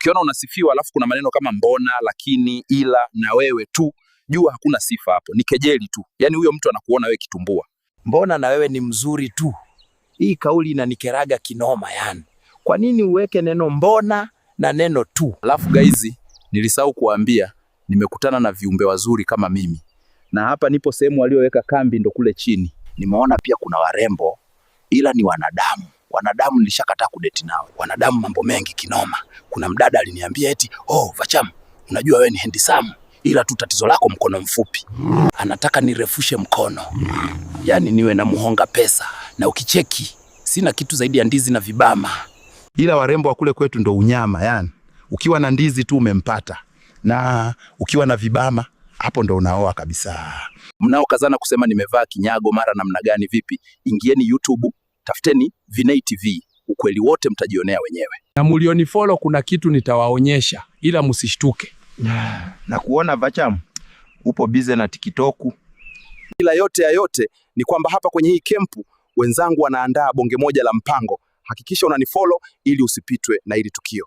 ukiona unasifiwa alafu kuna maneno kama mbona, lakini, ila na wewe tu, jua hakuna sifa hapo, ni kejeli tu. yani huyo mtu anakuona wewe kitumbua. Mbona na wewe ni mzuri tu. Hii kauli inanikeraga kinoma yani. Kwa nini uweke neno mbona na neno tu? Alafu guys, nilisahau kuambia nimekutana na viumbe wazuri kama mimi, na hapa nipo sehemu walioweka kambi, ndo kule chini. Nimeona pia kuna warembo, ila ni wanadamu wanadamu nilishakataa kudeti nao. Wanadamu mambo mengi kinoma. Kuna mdada aliniambia eti oh, Vacham, unajua wewe ni handsome ila tu tatizo lako mkono mfupi. Anataka nirefushe mkono, yaani niwe na muhonga pesa, na ukicheki sina kitu zaidi ya ndizi na vibama. Ila warembo wa kule kwetu ndo unyama, yani ukiwa na ndizi tu umempata, na ukiwa na vibama hapo ndo unaoa kabisa. Mnaokazana kusema nimevaa kinyago mara namna gani, vipi? Ingieni YouTube tafuteni Vinei TV, ukweli wote mtajionea wenyewe. Na mulioni follow, kuna kitu nitawaonyesha, ila msishtuke. Na kuona Vacham upo bize na TikTok. Ila yote ya yote ni kwamba hapa kwenye hii kempu wenzangu wanaandaa bonge moja la mpango. Hakikisha unanifollow ili usipitwe na hili tukio.